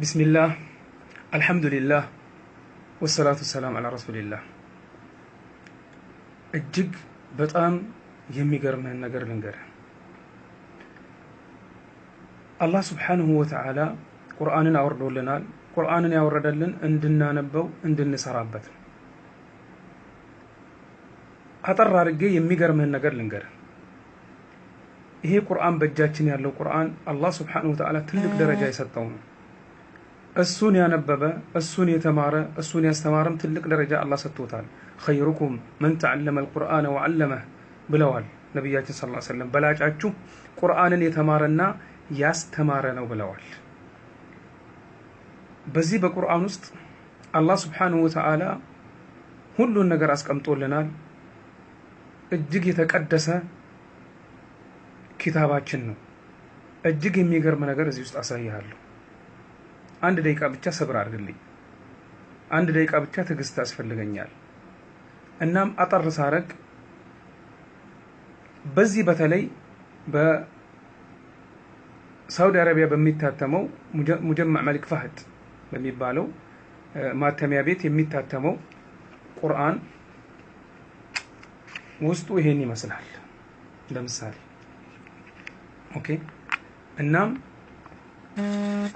ቢስሚላህ አልሐምዱሊላህ ወሰላቱ ሰላም አላ ረሱሊላህ እጅግ በጣም የሚገርምህን ነገር ልንገርህ አላህ ስብሓንሁ ወተዓላ ቁርአንን አወርዶልናል ቁርአንን ያወረደልን እንድናነበው እንድንሰራበት አጠር አድርጌ የሚገርምህን ነገር ልንገርህ ይሄ ቁርአን በእጃችን ያለው ቁርአን አላህ ስብሓንሁ ወተዓላ ትልቅ ደረጃ የሰጠው ነው እሱን ያነበበ እሱን የተማረ እሱን ያስተማረም ትልቅ ደረጃ አላህ ሰጥቶታል። ኸይሩኩም መን ተዓለመ አልቁርአነ ወዓለመህ ብለዋል ነቢያችን ሰለላሁ ዐለይሂ ወሰለም። በላጫችሁ ቁርአንን የተማረና ያስተማረ ነው ብለዋል። በዚህ በቁርአን ውስጥ አላህ ሱብሓነሁ ወተዓላ ሁሉን ነገር አስቀምጦልናል። እጅግ የተቀደሰ ኪታባችን ነው። እጅግ የሚገርም ነገር እዚህ ውስጥ አሳይሃለሁ። አንድ ደቂቃ ብቻ ሰብር አድርግልኝ፣ አንድ ደቂቃ ብቻ ትዕግስት ያስፈልገኛል። እናም አጠር ሳረግ በዚህ በተለይ በሳውዲ አረቢያ በሚታተመው ሙጀማዕ መሊክ ፋህድ በሚባለው ማተሚያ ቤት የሚታተመው ቁርአን ውስጡ ይሄን ይመስላል። ለምሳሌ ኦኬ። እናም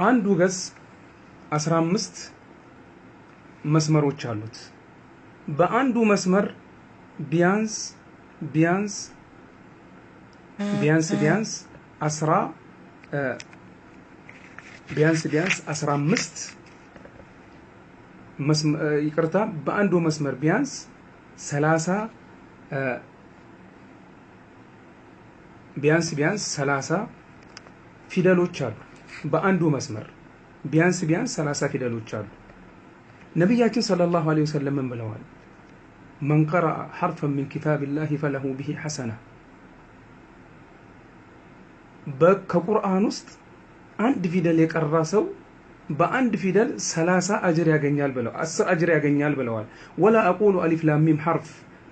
አንዱ ገጽ አምስት መስመሮች አሉት። በአንዱ መስመር ቢያንስ ቢያንስ ቢያንስ ቢያንስ አስራ ቢያንስ ቢያንስ 15 ይቅርታ፣ በአንዱ መስመር ቢያንስ ሰላሳ ቢያንስ ቢያንስ ሰላሳ ፊደሎች አሉ በአንዱ መስመር ቢያንስ ቢያንስ ሰላሳ ፊደሎች አሉ። ነቢያችን ሰለላሁ ዐለይሂ ወሰለም ብለዋል? መን ቀረአ ሐርፈን ሚን ኪታቢላሂ ፈለሁ ብሂ ሐሰና ከቁርአን ውስጥ አንድ ፊደል የቀራ ሰው በአንድ ፊደል ሰላሳ አጅር ያገኛል ብለው አስር አጅር ያገኛል ብለዋል። ወላ አቁሉ አሊፍ ላሚም ሚም ሐርፍ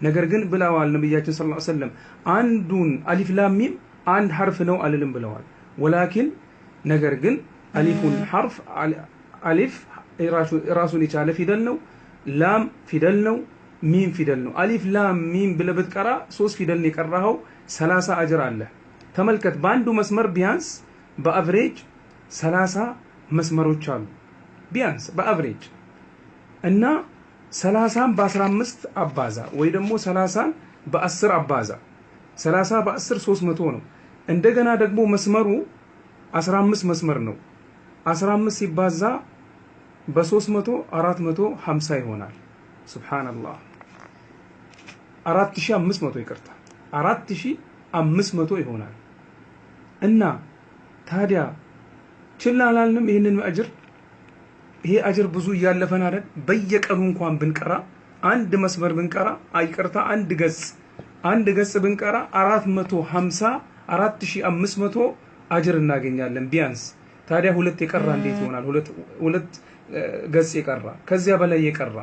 ነገር ግን ብለዋል ነቢያችን ሰለላሁ ዐለይሂ ወሰለም አንዱን አሊፍ ላሚም አንድ ሐርፍ ነው አልልም ብለዋል። ወላኪን ነገር ግን አሊፉን ሐርፍ አሊፍ ራሱን የቻለ ፊደል ነው። ላም ፊደል ነው። ሚም ፊደል ነው። አሊፍ ላም ሚም ብለህ ብትቀራ ሶስት ፊደልን የቀራኸው ሰላሳ አጅር አለ። ተመልከት፣ በአንዱ መስመር ቢያንስ በአቭሬጅ ሰላሳ መስመሮች አሉ። ቢያንስ በአቭሬጅ እና ሰላሳን በአስራ አምስት አባዛ ወይ ደግሞ ሰላሳን በአስር አባዛ ሰላሳ በአስር ሶስት መቶ ነው። እንደገና ደግሞ መስመሩ አስራ አምስት መስመር ነው። 15 ሲባዛ በ300 450 ይሆናል። ሱብሃንአላህ 4500 ይቅርታ 4500 ይሆናል። እና ታዲያ ችላ አላልንም ይህንን አጅር። ይሄ አጅር ብዙ እያለፈን አይደል? በየቀኑ እንኳን ብንቀራ አንድ መስመር ብንቀራ አይቅርታ አንድ ገጽ አንድ ገጽ ብንቀራ 450 4500 አጅር እናገኛለን ቢያንስ ታዲያ ሁለት የቀራ እንዴት ይሆናል? ሁለት ገጽ የቀራ ከዚያ በላይ የቀራ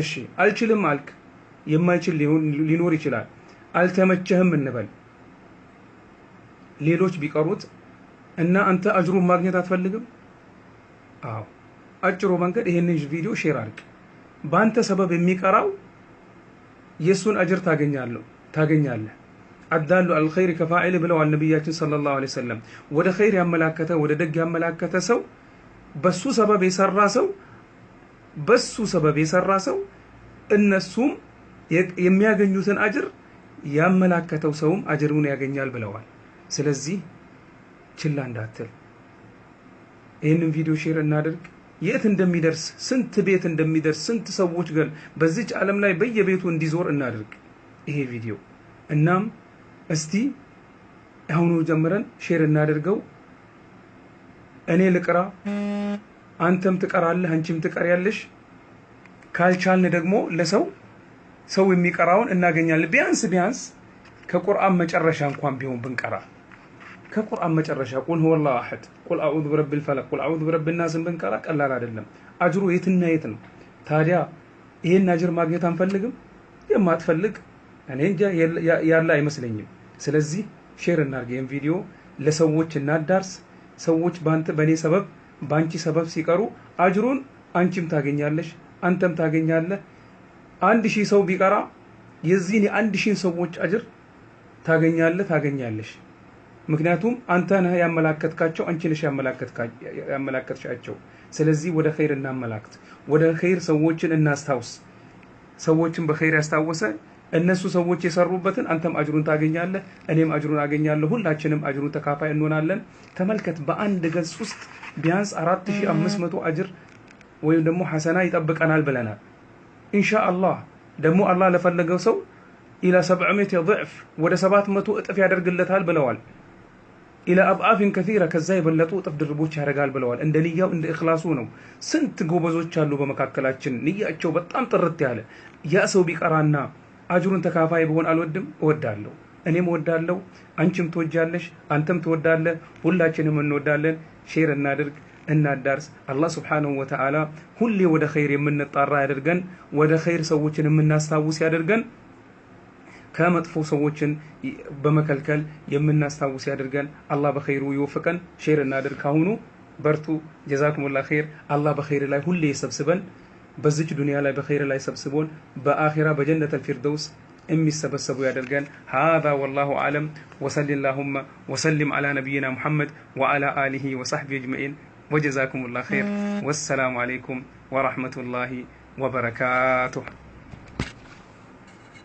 እሺ፣ አልችልም አልክ። የማይችል ሊኖር ይችላል። አልተመቸህም እንበል። ሌሎች ቢቀሩት እና አንተ አጅሩን ማግኘት አትፈልግም? አዎ፣ አጭሩ መንገድ ይሄንን ቪዲዮ ሼር አድርግ። በአንተ ሰበብ የሚቀራው የእሱን አጅር ታገኛለህ ታገኛለህ። አዳሉ አልኸይር ከፋኢል ብለዋል ነቢያችን ሰለላሁ ዐለይሂ ወሰለም። ወደ ኸይር ያመላከተ ወደ ደግ ያመላከተ ሰው በሱ ሰበብ የሰራ ሰው በሱ ሰበብ የሰራ ሰው እነሱም የሚያገኙትን አጅር ያመላከተው ሰውም አጅሩን ያገኛል ብለዋል። ስለዚህ ችላ እንዳትል። ይህንን ቪዲዮ ሼር እናደርግ? የት እንደሚደርስ ስንት ቤት እንደሚደርስ ስንት ሰዎች ገል በዚች ዓለም ላይ በየቤቱ እንዲዞር እናደርግ? ይሄ ቪዲዮ እናም እስቲ አሁኑ ጀምረን ሼር እናደርገው። እኔ ልቅራ፣ አንተም ትቀራለህ፣ አንቺም ትቀሪያለሽ። ካልቻልን ደግሞ ለሰው ሰው የሚቀራውን እናገኛለን። ቢያንስ ቢያንስ ከቁርአን መጨረሻ እንኳን ቢሆን ብንቀራ ከቁርአን መጨረሻ ቁል ሁወ አሐድ፣ ቁል አዑዙ ቢረቢል ፈለቅ፣ ቁል አዑዙ ቢረቢን ናስን ብንቀራ ቀላል አይደለም። አጅሩ የትና የት ነው? ታዲያ ይህን አጅር ማግኘት አንፈልግም? የማትፈልግ እኔ እንጃ ያለ አይመስለኝም። ስለዚህ ሼር እናርግ፣ ይህም ቪዲዮ ለሰዎች እናዳርስ። ሰዎች በአንተ በእኔ ሰበብ በአንቺ ሰበብ ሲቀሩ አጅሩን አንቺም ታገኛለሽ፣ አንተም ታገኛለህ። አንድ ሺህ ሰው ቢቀራ የዚህን የአንድ ሺህን ሰዎች አጅር ታገኛለህ ታገኛለሽ። ምክንያቱም አንተ ነህ ያመላከትካቸው፣ አንቺ ነሽ ያመላከትሻቸው። ስለዚህ ወደ ኸይር እናመላክት፣ ወደ ኸይር ሰዎችን እናስታውስ። ሰዎችን በኸይር ያስታወሰ እነሱ ሰዎች የሰሩበትን አንተም አጅሩን ታገኛለህ፣ እኔም አጅሩን አገኛለሁ። ሁላችንም አጅሩን ተካፋይ እንሆናለን። ተመልከት፣ በአንድ ገጽ ውስጥ ቢያንስ 4500 አጅር ወይም ደግሞ ሐሰና ይጠብቀናል ብለናል። ኢንሻአላህ ደግሞ አላህ ለፈለገው ሰው ኢላ 700 ضعፍ ወደ 700 እጥፍ ያደርግለታል ብለዋል። ኢላ አብአፍን ከራ ከዛ የበለጡ እጥፍ ድርቦች ያደርጋል ብለዋል። እንደ ንያው እንደ እክላሱ ነው። ስንት ጎበዞች አሉ በመካከላችን ንያቸው በጣም ጥርት ያለ ያ ሰው ቢቀራና አጅሩን ተካፋይ በሆን አልወድም። እወዳለሁ፣ እኔም እወዳለሁ፣ አንቺም ትወጃለሽ፣ አንተም ትወዳለህ፣ ሁላችንም እንወዳለን። ሼር እናድርግ፣ እናዳርስ። አላህ ስብሓንሁ ወተዓላ ሁሌ ወደ ኸይር የምንጣራ ያደርገን፣ ወደ ኸይር ሰዎችን የምናስታውስ ያደርገን፣ ከመጥፎ ሰዎችን በመከልከል የምናስታውስ ያደርገን። አላህ በኸይሩ ይወፍቀን። ሼር እናድርግ። ካሁኑ በርቱ። ጀዛኩሙላ ኸይር። አላህ በኸይር ላይ ሁሌ ይሰብስበን። بزج دنيا لا بخير لا يسبسبون بآخرة بجنة الفردوس أمي السبسبو يا دلقان هذا والله أعلم وصل اللهم وسلم على نبينا محمد وعلى آله وصحبه أجمعين وجزاكم الله خير والسلام عليكم ورحمة الله وبركاته